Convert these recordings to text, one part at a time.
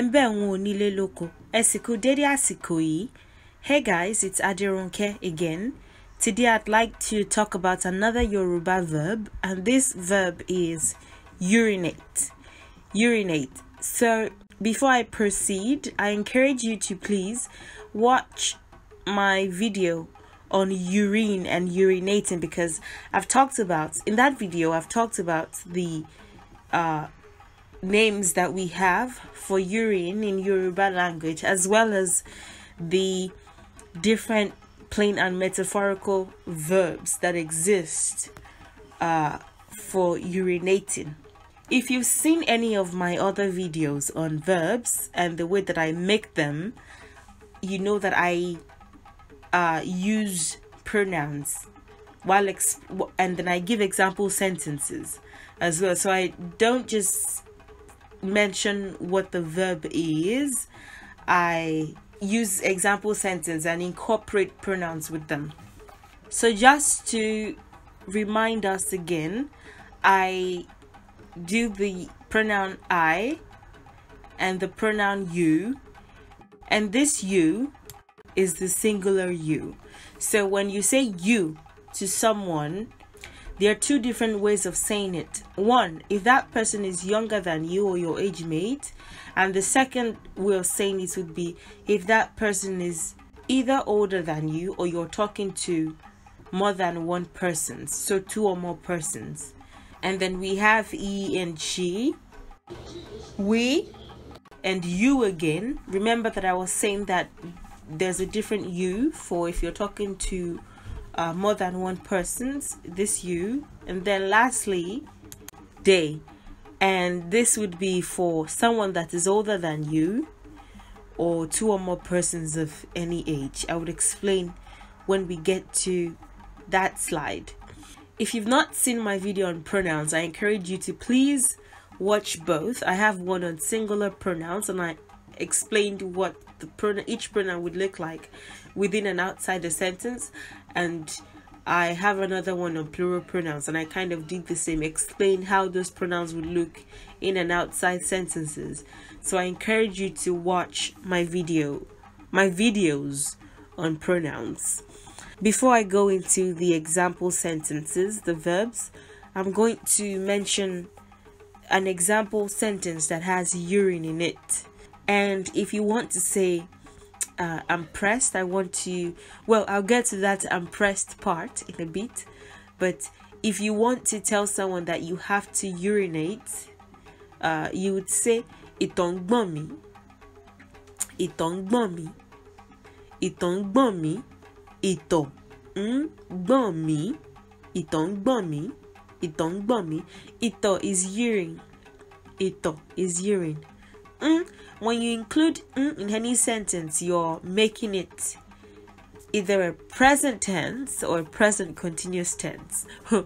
ẹ̀ ń wọn onílé kú dédé hey guys it's Adirunke again today I'd like to talk about another Yoruba verb and this verb is urinate urinate so before I proceed I encourage you to please watch my video on urine and urinating because I've talked about in that video I've talked about the uh, names that we have for urine in Yoruba language, as well as the different plain and metaphorical verbs that exist uh, for urinating. If you've seen any of my other videos on verbs and the way that I make them, you know that I uh, use pronouns while and then I give example sentences as well. So I don't just mention what the verb is. I use example sentences and incorporate pronouns with them. So just to remind us again, I do the pronoun I and the pronoun you and this you is the singular you. So when you say you to someone, there are two different ways of saying it. One, if that person is younger than you or your age mate, and the second way of saying it would be if that person is either older than you or you're talking to more than one person, so two or more persons. And then we have e and g, we, and you again. Remember that I was saying that there's a different you for if you're talking to uh, more than one person's this you and then lastly day and this would be for someone that is older than you or two or more persons of any age i would explain when we get to that slide if you've not seen my video on pronouns i encourage you to please watch both i have one on singular pronouns and i explained what the each pronoun would look like within and outside the sentence and I have another one on plural pronouns and I kind of did the same explain how those pronouns would look in and outside sentences so I encourage you to watch my video my videos on pronouns before I go into the example sentences the verbs I'm going to mention an example sentence that has urine in it and if you want to say uh, I'm pressed. I want to, well, I'll get to that I'm pressed part in a bit. But if you want to tell someone that you have to urinate, uh, you would say, Ìtọ̀ ń gbọ̀n mí. Ìtọ̀ ń gbọ̀n mí. Ìtọ̀ ń gbọ̀n mí. Ìtọ̀ ń gbọ̀n mí. Ìtọ̀ ń gbọ̀n mí. Ìtọ̀ ń gbọ̀n mí. Ìtọ̀ is urine. Ìtọ̀ is urine mm, when you include mm in any sentence, you're making it either a present tense or a present continuous tense.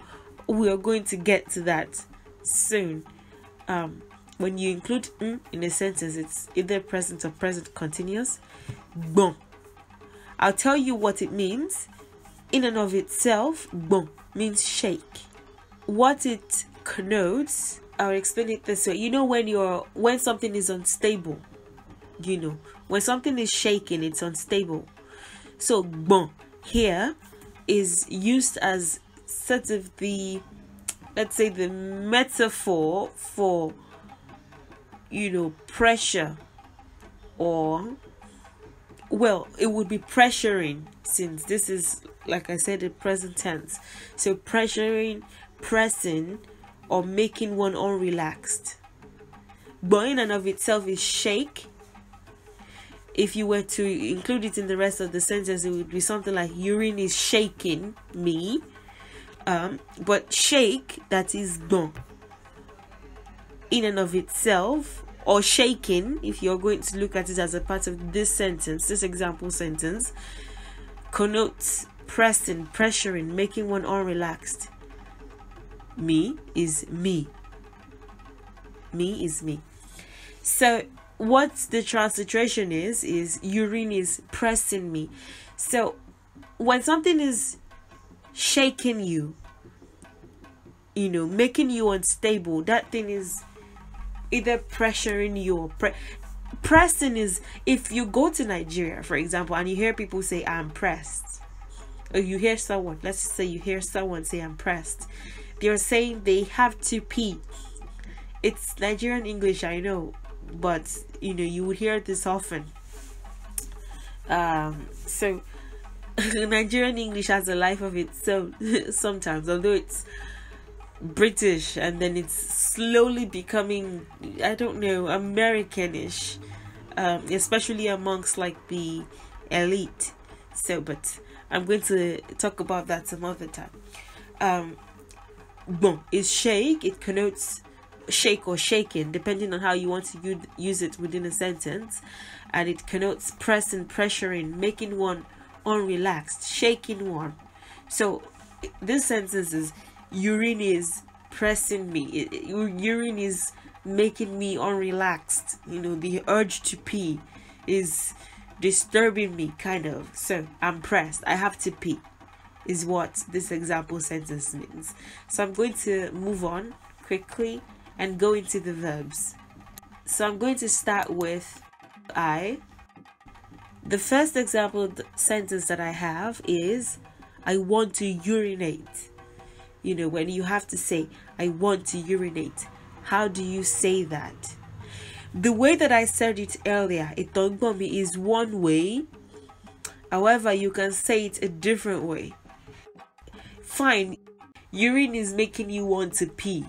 we are going to get to that soon. Um, when you include mm in a sentence, it's either present or present continuous. Bon. I'll tell you what it means. In and of itself, bon means shake. What it connotes I'll explain it this way. You know when you're when something is unstable, you know, when something is shaking, it's unstable. So bon here is used as sort of the let's say the metaphor for you know pressure or well it would be pressuring since this is like i said in present tense so pressuring pressing or making one unrelaxed. But in and of itself is shake. If you were to include it in the rest of the sentence, it would be something like urine is shaking me. Um, but shake, that is gone. In and of itself, or shaking, if you're going to look at it as a part of this sentence, this example sentence, connotes pressing, pressuring, making one unrelaxed. Me is me. Me is me. So what the transliteration is is urine is pressing me. So when something is shaking you, you know, making you unstable, that thing is either pressuring you or pre- pressing is if you go to Nigeria, for example, and you hear people say I'm pressed. Or you hear someone, let's say you hear someone say I'm pressed they're saying they have to pee. It's Nigerian English, I know, but you know, you would hear this often. Um, so Nigerian English has a life of its own sometimes, although it's British and then it's slowly becoming, I don't know, Americanish, um, especially amongst like the elite. So, but I'm going to talk about that some other time. Um, bon is shake. It connotes shake or shaken, depending on how you want to use it within a sentence. And it connotes pressing, pressuring, making one unrelaxed, shaking one. So this sentence is urine is pressing me. Urine is making me unrelaxed. You know, the urge to pee is disturbing me, kind of. So I'm pressed. I have to pee is what this example sentence means. So I'm going to move on quickly and go into the verbs. So I'm going to start with I. The first example sentence that I have is I want to urinate. You know, when you have to say, I want to urinate, how do you say that? The way that I said it earlier, me is one way. However, you can say it a different way fine, urine is making you want to pee.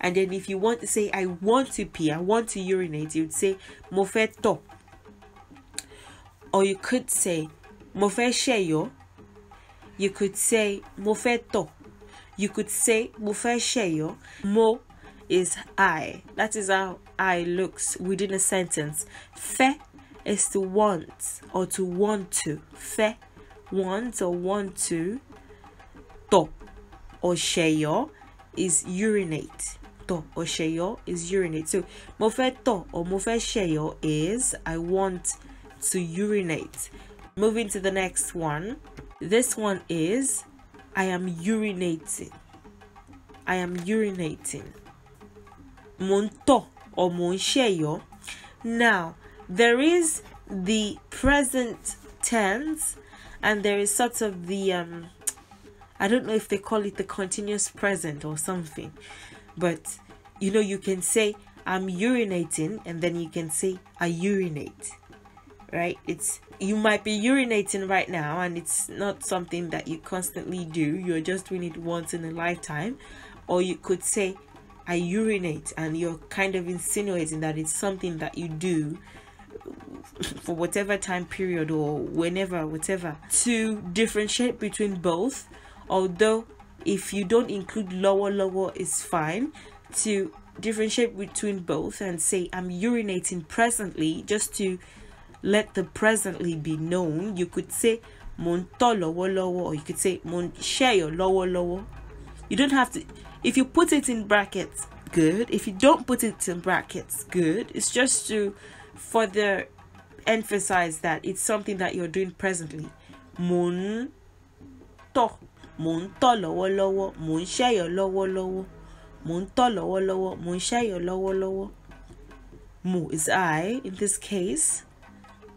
And then if you want to say, I want to pee, I want to urinate, you'd say, mo tọ̀. Or you could say, mo fẹ́ You could say, mo tọ̀. You could say, mo fẹ́ Mo is I. That is how I looks within a sentence. Fẹ́ is to want or to want to. Fẹ́, want or want to to osheyo is urinate. To osheyo is urinate. So mo fe to or mo fe sheyo is I want to urinate. Moving to the next one. This one is I am urinating. I am urinating. Monto or mo Now there is the present tense and there is sort of the um I don't know if they call it the continuous present or something, but you know, you can say, I'm urinating, and then you can say, I urinate, right? It's you might be urinating right now, and it's not something that you constantly do, you're just doing it once in a lifetime, or you could say, I urinate, and you're kind of insinuating that it's something that you do for whatever time period or whenever, whatever. To differentiate between both, although if you don't include lower lower is fine to differentiate between both and say i'm urinating presently just to let the presently be known you could say monto lower lower, or you could say mon share lower. lower you don't have to if you put it in brackets good if you don't put it in brackets good it's just to further emphasize that it's something that you're doing presently mon to mò ń tọ̀ lọ́wọ́lọ́wọ́ mò ń ṣẹ̀yọ́ lọ́wọ́lọ́wọ́ mò ń tọ̀ lọ́wọ́lọ́wọ́ mò ń ṣẹ̀yọ́ lọ́wọ́lọ́wọ́ mo is I in this case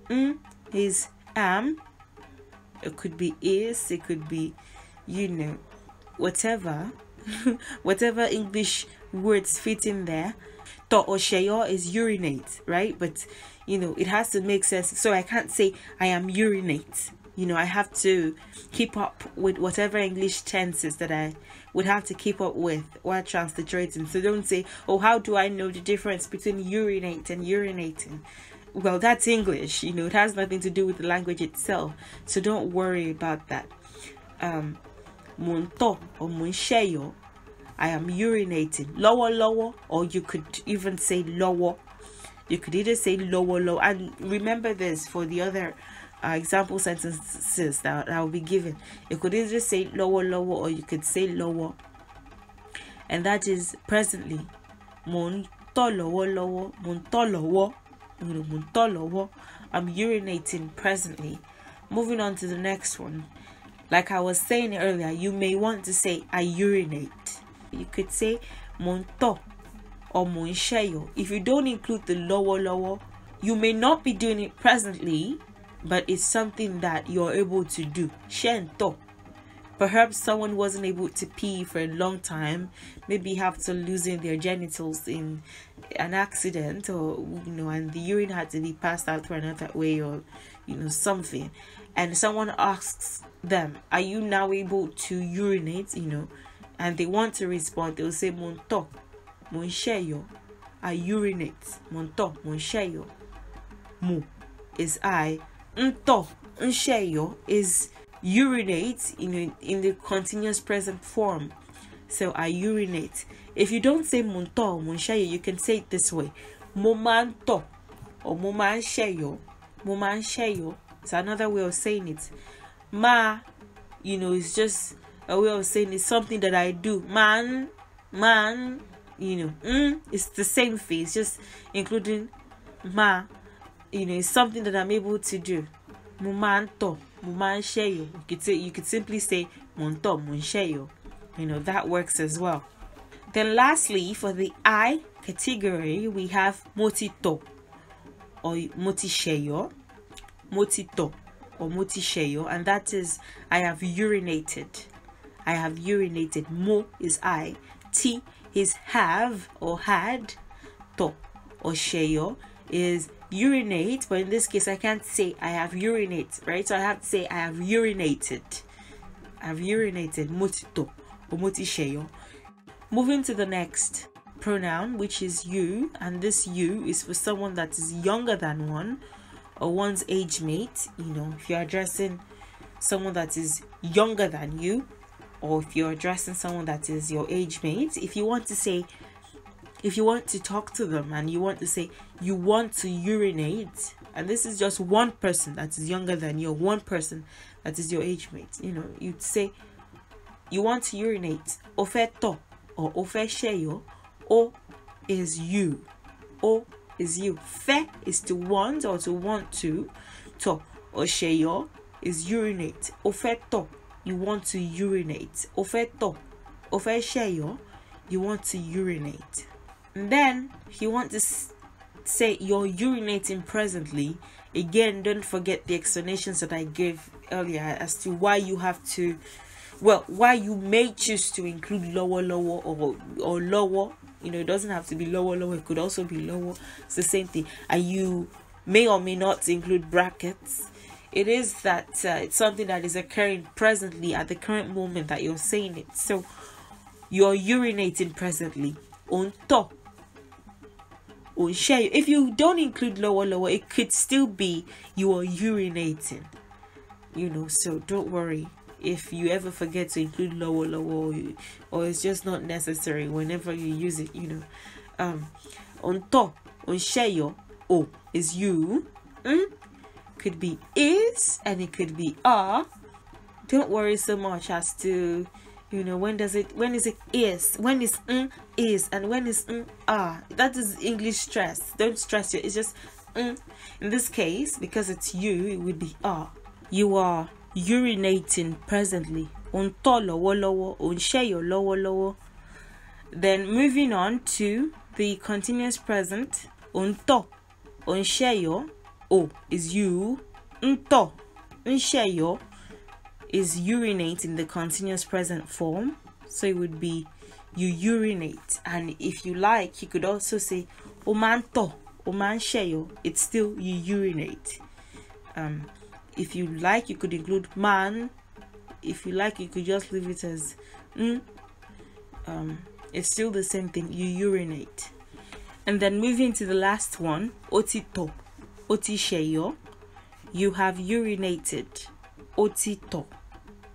M mm, is am it could be is it could be you know whatever whatever English words fit in there to or sheyo is urinate right but you know it has to make sense so i can't say i am urinate you know i have to keep up with whatever english tenses that i would have to keep up with while transliterating so don't say oh how do i know the difference between urinate and urinating well that's english you know it has nothing to do with the language itself so don't worry about that um or munsheyo i am urinating lower lower or you could even say lower you could either say lower lower. and remember this for the other uh, example sentences that, that will be given. You could either say lower, lower, or you could say lower. And that is presently. lower, I'm urinating presently. Moving on to the next one. Like I was saying earlier, you may want to say I urinate. You could say monto or mon If you don't include the lower, lower, you may not be doing it presently but it's something that you're able to do. Share Perhaps someone wasn't able to pee for a long time, maybe have to losing their genitals in an accident, or you know, and the urine had to be passed out through another way, or you know, something. And someone asks them, Are you now able to urinate? You know, and they want to respond, they'll say, Mon talk, mon yo. I urinate, mon talk, mon yo. is I nto nsheyo is urinate in a, in the continuous present form. So I urinate. If you don't say munto munsheyo, you can say it this way: momanto or momansheyo. Momansheyo It's another way of saying it. Ma, you know, it's just a way of saying it's something that I do. Man, man, you know, mm, it's the same thing. It's just including ma you know it's something that i'm able to do mo máa you could say you could simply say mo ń you know that works as well then lastly for the i category we have motito, tọ̀ or mo motito, tọ̀ or mo and that is i have urinated i have urinated mo is i ti is have or had tọ̀ or ṣẹ̀yọ̀ is urinate but in this case i can't say i have urinated right so i have to say i have urinated i've urinated moving to the next pronoun which is you and this you is for someone that is younger than one or one's age mate you know if you're addressing someone that is younger than you or if you're addressing someone that is your age mate if you want to say if you want to talk to them and you want to say you want to urinate and this is just one person that is younger than you one person that is your age mate you know you'd say you want to urinate ofeto or ofesheyo o is you o is you fe is to want or to want to to osheyo is urinate ofeto you want to urinate ofeto ofesheyo you want to urinate then if you want to say you're urinating presently, again, don't forget the explanations that I gave earlier as to why you have to, well, why you may choose to include lower, lower, or or lower. You know, it doesn't have to be lower, lower. It could also be lower. It's the same thing. And you may or may not include brackets. It is that uh, it's something that is occurring presently at the current moment that you're saying it. So you're urinating presently on top or share If you don't include lower lower, it could still be you are urinating. You know, so don't worry if you ever forget to include lower lower or, or it's just not necessary whenever you use it, you know. Um on top, on share, yo. Oh, is you mm? could be is and it could be are. Don't worry so much as to you know when does it when is it is when is mm, is and when is mm, ah that is english stress don't stress it it's just mm. in this case because it's you it would be ah you are urinating presently on lọ́wọ́lọ́wọ́ on your lọ́wọ́lọ́wọ́ then moving on to the continuous present on to on your oh is you share your is urinate in the continuous present form. So it would be you urinate. And if you like, you could also say omanto, omansheyo. It's still you urinate. Um, if you like, you could include man. If you like, you could just leave it as mm. Um, it's still the same thing. You urinate. And then moving to the last one, otito, otisheyo. You have urinated, otito.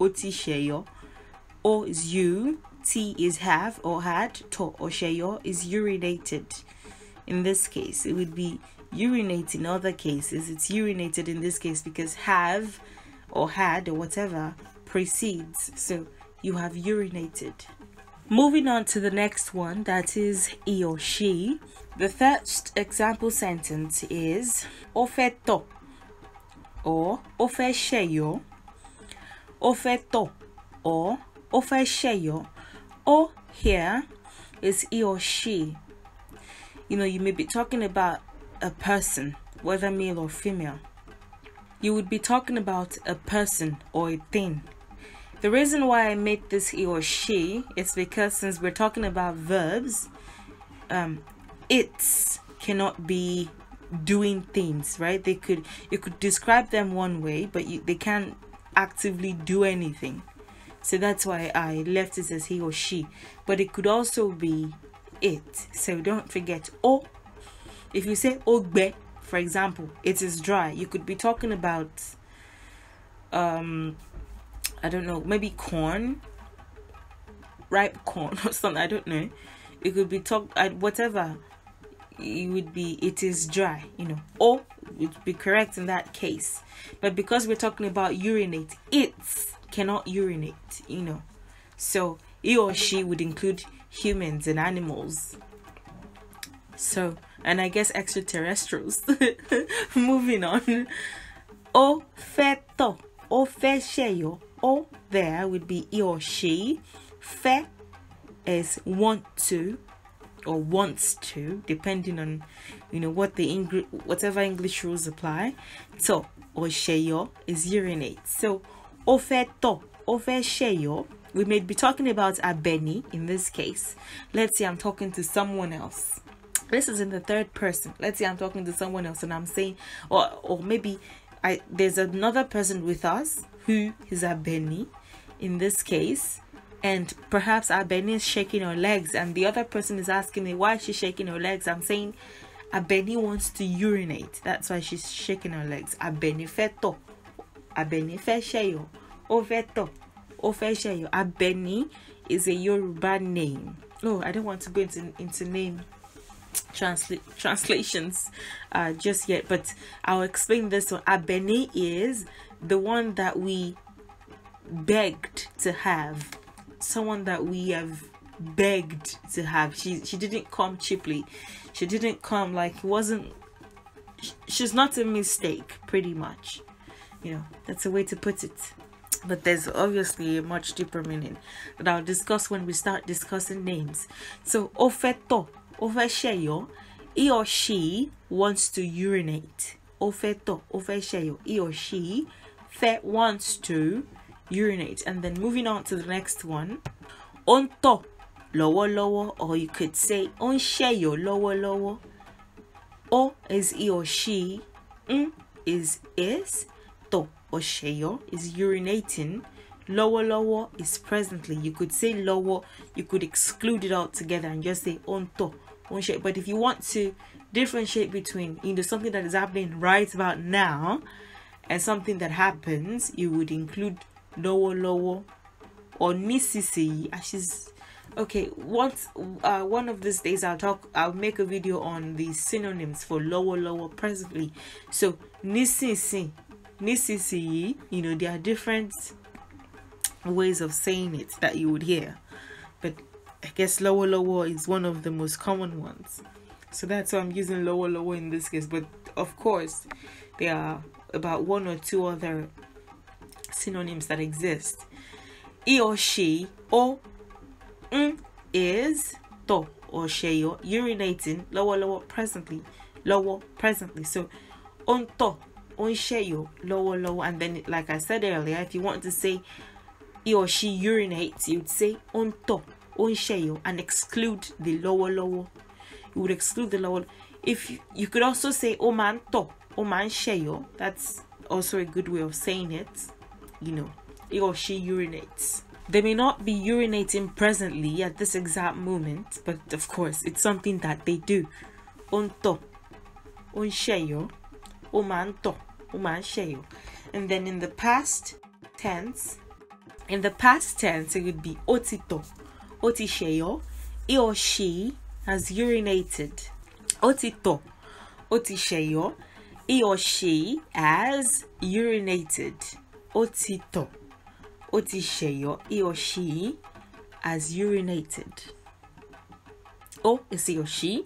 Otisheyo. O is you, T is have or had, to osheyo is urinated. In this case, it would be urinate in other cases. It's urinated in this case because have or had or whatever precedes. So you have urinated. Moving on to the next one, that is he or she. The first example sentence is ofeto or ofesheyo ó fẹ́ tọ̀ or ó fẹ́ ṣẹ̀yọ́ ó here is he or she. You know, you may be talking about a person, whether male or female. You would be talking about a person or a thing. The reason why I made this he or she is because since we're talking about verbs, um, it cannot be doing things, right? They could you could describe them one way, but you, they can't actively do anything. So that's why I left it as he or she. But it could also be it. So don't forget o. If you say ogbe, for example, it is dry. You could be talking about um I don't know, maybe corn, ripe corn or something, I don't know. It could be talk whatever it would be it is dry you know or would be correct in that case but because we're talking about urinate it cannot urinate you know so he or she would include humans and animals so and i guess extraterrestrials moving on oh feto o fesheyo Or there would be he or she fe is want to or wants to depending on you know what the english whatever english rules apply So, or sheyo is urinate so ofe to ofe sheyo we may be talking about abeni in this case let's say i'm talking to someone else this is in the third person let's say i'm talking to someone else and i'm saying or or maybe i there's another person with us who is abeni in this case and perhaps Abeni is shaking her legs and the other person is asking me why she's shaking her legs i'm saying Abeni wants to urinate that's why she's shaking her legs Abeni feto Abeni fesheyo o feto o Abeni is a Yoruba name no oh, i don't want to go into into name transla translations uh, just yet but i'll explain this one Abeni is the one that we begged to have someone that we have begged to have. She she didn't come cheaply. She didn't come like it wasn't. She's not a mistake, pretty much. You know, that's a way to put it. But there's obviously a much deeper meaning that I'll discuss when we start discussing names. So ofeto, ofesheyo, he or she wants to urinate. Ofeto, ofesheyo, he or she fe wants to urinate and then moving on to the next one on top lower, or you could say on lower lower. o is he or she n is is to or sheyo is urinating lower lower is presently you could say lower. you could exclude it altogether together and just say on to on but if you want to differentiate between you know something that is happening right about now and something that happens you would include lower, or nisisi. As she's okay once uh, one of these days i'll talk i'll make a video on the synonyms for lower lower. presently so nisisi, nisisi. you know there are different ways of saying it that you would hear but i guess lower lower is one of the most common ones so that's why i'm using lower lower in this case but of course there are about one or two other synonyms that exist. He or she or mm, is to or she or urinating lower lower presently lower presently. So on to on sheyo lower lower and then like I said earlier, if you want to say he or she urinates, you'd say on to on sheyo and exclude the lower lower. You would exclude the lower. If you, you could also say oman to oman sheyo, that's also a good way of saying it you know, he or she urinates. They may not be urinating presently at this exact moment, but of course, it's something that they do. Onto, And then in the past tense, in the past tense, it would be otito, otisheyo, he or she has urinated. Otito, otisheyo, he or she has urinated ó ti tọ̀ ó ti ṣẹ̀yọ́ he or she has urinated ó is he or she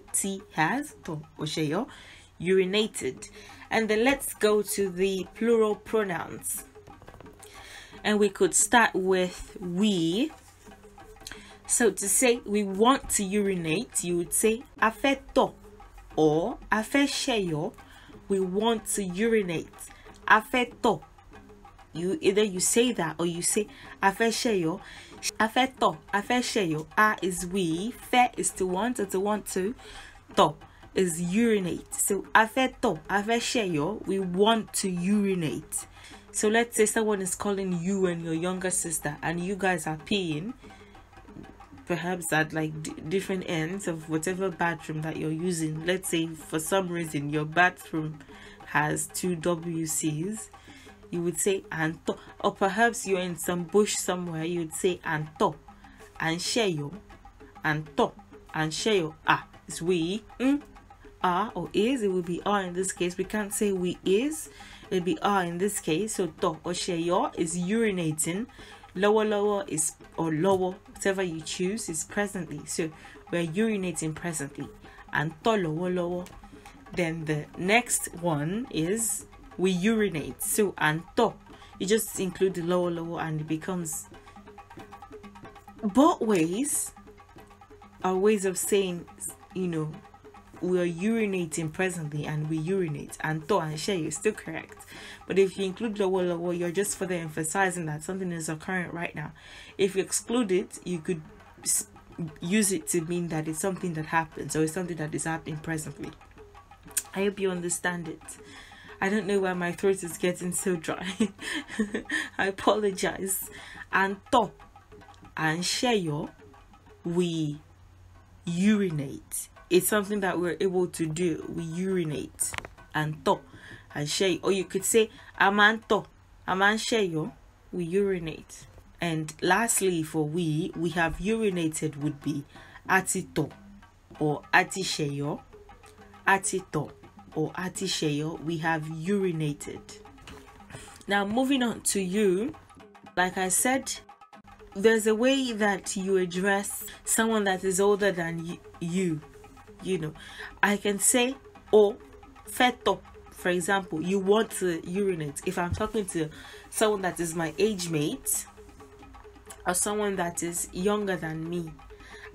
has tọ̀ ó ṣẹ̀yọ́ urinated and then let's go to the plural pronouns and we could start with we so to say we want to urinate, you would say a or a fẹ́ We want to urinate. A you either you say that or you say "afeshayo," afeto "afeshayo." a is we fe is to want or to want to to is urinate so afeto "afeshayo." we want to urinate so let's say someone is calling you and your younger sister and you guys are peeing perhaps at like different ends of whatever bathroom that you're using let's say for some reason your bathroom has two wcs you would say anto or perhaps you're in some bush somewhere you would say anto ansheyo anto ansheyo ah it's we mm, are or is it would be are in this case we can't say we is it'd be are in this case so to or sheyo is urinating lower lower is or lower whatever you choose is presently so we're urinating presently and to lower lower then the next one is we urinate so and to you just include the lower lower and it becomes both ways are ways of saying you know we are urinating presently and we urinate and to and share is still correct but if you include lower lower you're just further emphasizing that something is occurring right now if you exclude it you could use it to mean that it's something that happens or it's something that is happening presently i hope you understand it I don't know why my throat is getting so dry. I apologize. And to and sheyo, we urinate. It's something that we're able to do. We urinate and to and sheyo. Or you could say amanto, aman sheyo, we urinate. And lastly, for we, we have urinated would be atito or atisheyo, atito or atisheyo, we have urinated. Now, moving on to you, like I said, there's a way that you address someone that is older than y- you. You know, I can say, oh, feto, for example, you want to urinate. If I'm talking to someone that is my age mate or someone that is younger than me,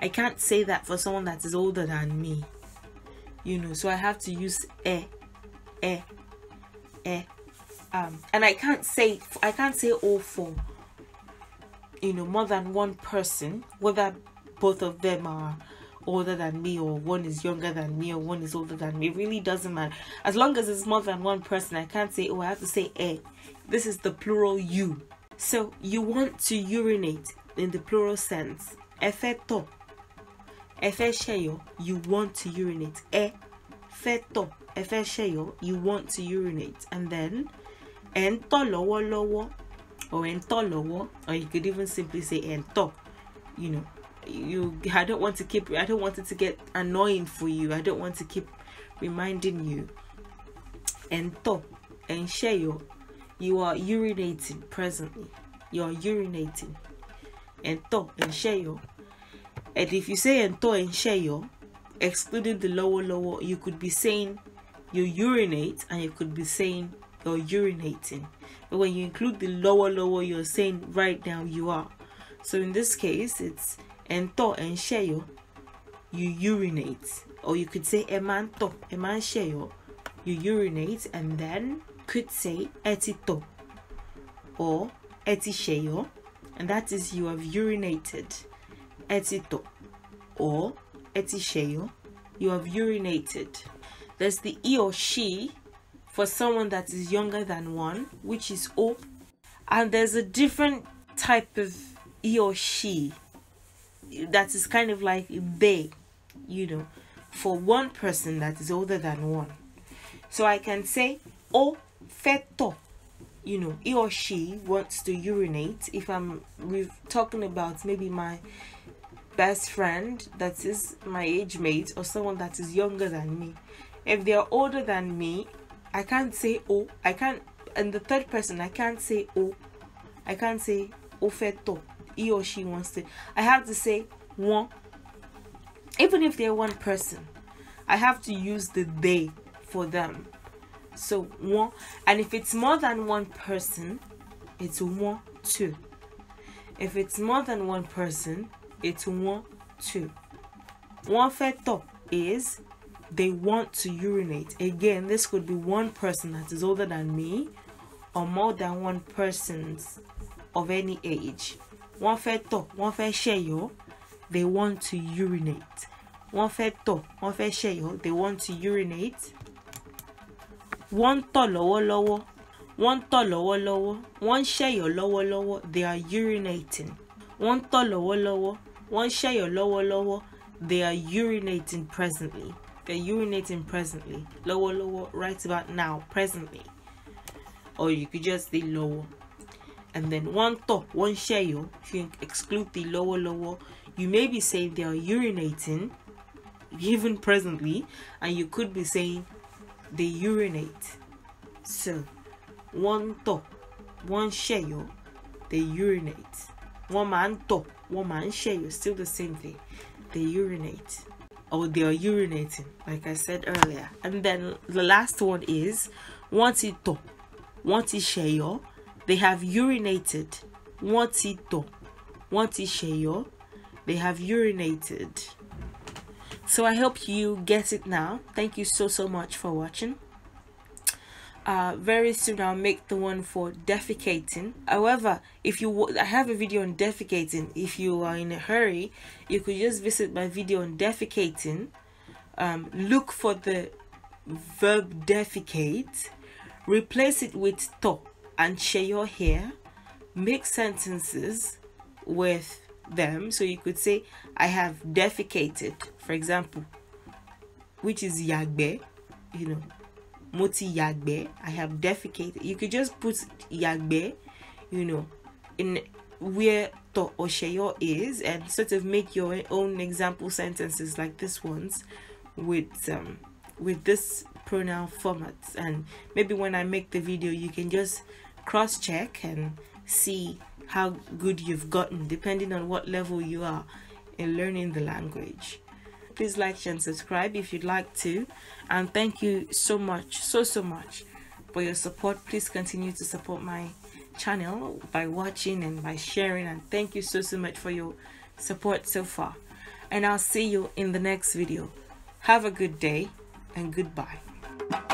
I can't say that for someone that is older than me you know so i have to use a a a um and i can't say i can't say all for you know more than one person whether both of them are older than me or one is younger than me or one is older than me it really doesn't matter as long as it's more than one person i can't say oh i have to say a eh. this is the plural you so you want to urinate in the plural sense effetto ẹ you want to urinate ẹ fẹ́ tọ̀ you want to urinate and then ẹ ń tọ̀ lọ́wọ́lọ́wọ́ or ẹ tọ̀ lọ́wọ́ or you could even simply say ento. you know you I don't want to keep I don't want it to get annoying for you I don't want to keep reminding you Ento, and ẹ you are urinating presently you are urinating Ento, ń tọ̀ ẹ and if you say ento and sheyo, excluding the lower lower, you could be saying you urinate and you could be saying you're urinating. But when you include the lower lower, you're saying right now you are. So in this case, it's ento and sheyo, you urinate. Or you could say emanto, eman sheyo, you urinate and then could say etito or etisheyo, and that is you have urinated etito or etisheyo, you have urinated. There's the e or she for someone that is younger than one, which is o. And there's a different type of e or she that is kind of like they, you know, for one person that is older than one. So I can say o oh, feto, you know, he or she wants to urinate. If I'm talking about maybe my best friend that is my age mate or someone that is younger than me. If they are older than me, I can't say oh. I can't and the third person I can't say oh. I can't say ofeto. He or she wants to. I have to say one. Even if they're one person, I have to use the they for them. So one and if it's more than one person, it's one two. If it's more than one person, it's one, two. One top is they want to urinate. Again, this could be one person that is older than me or more than one persons of any age. One top, one fair share, they want to urinate. One top, one fair share, they want to urinate. One tọ̀ lower. one tọ̀ lower. one share lower. they are urinating. One tọ̀ lower. One share your lower lower, they are urinating presently they're urinating presently Lower lower, right about now presently or you could just say lower, and then one top one ṣẹ̀yọ̀ if you exclude the lower lower, you may be saying they are urinating even presently and you could be saying they urinate so one top, one share you they urinate One man top. Woman, share you still the same thing. They urinate or they are urinating, like I said earlier. And then the last one is once it to, once it share, they have urinated. Once it to, once it share, they have urinated. So I hope you get it now. Thank you so so much for watching uh, very soon I'll make the one for defecating. However, if you I have a video on defecating. If you are in a hurry, you could just visit my video on defecating. Um, look for the verb defecate, replace it with to and share your hair. Make sentences with them. So you could say, I have defecated, for example, which is yagbe, you know, moti yagbe i have defecated you could just put yagbe you know in where to osheyo is and sort of make your own example sentences like this one's with um with this pronoun format and maybe when i make the video you can just cross check and see how good you've gotten depending on what level you are in learning the language please like and subscribe if you'd like to and thank you so much so so much for your support please continue to support my channel by watching and by sharing and thank you so so much for your support so far and i'll see you in the next video have a good day and goodbye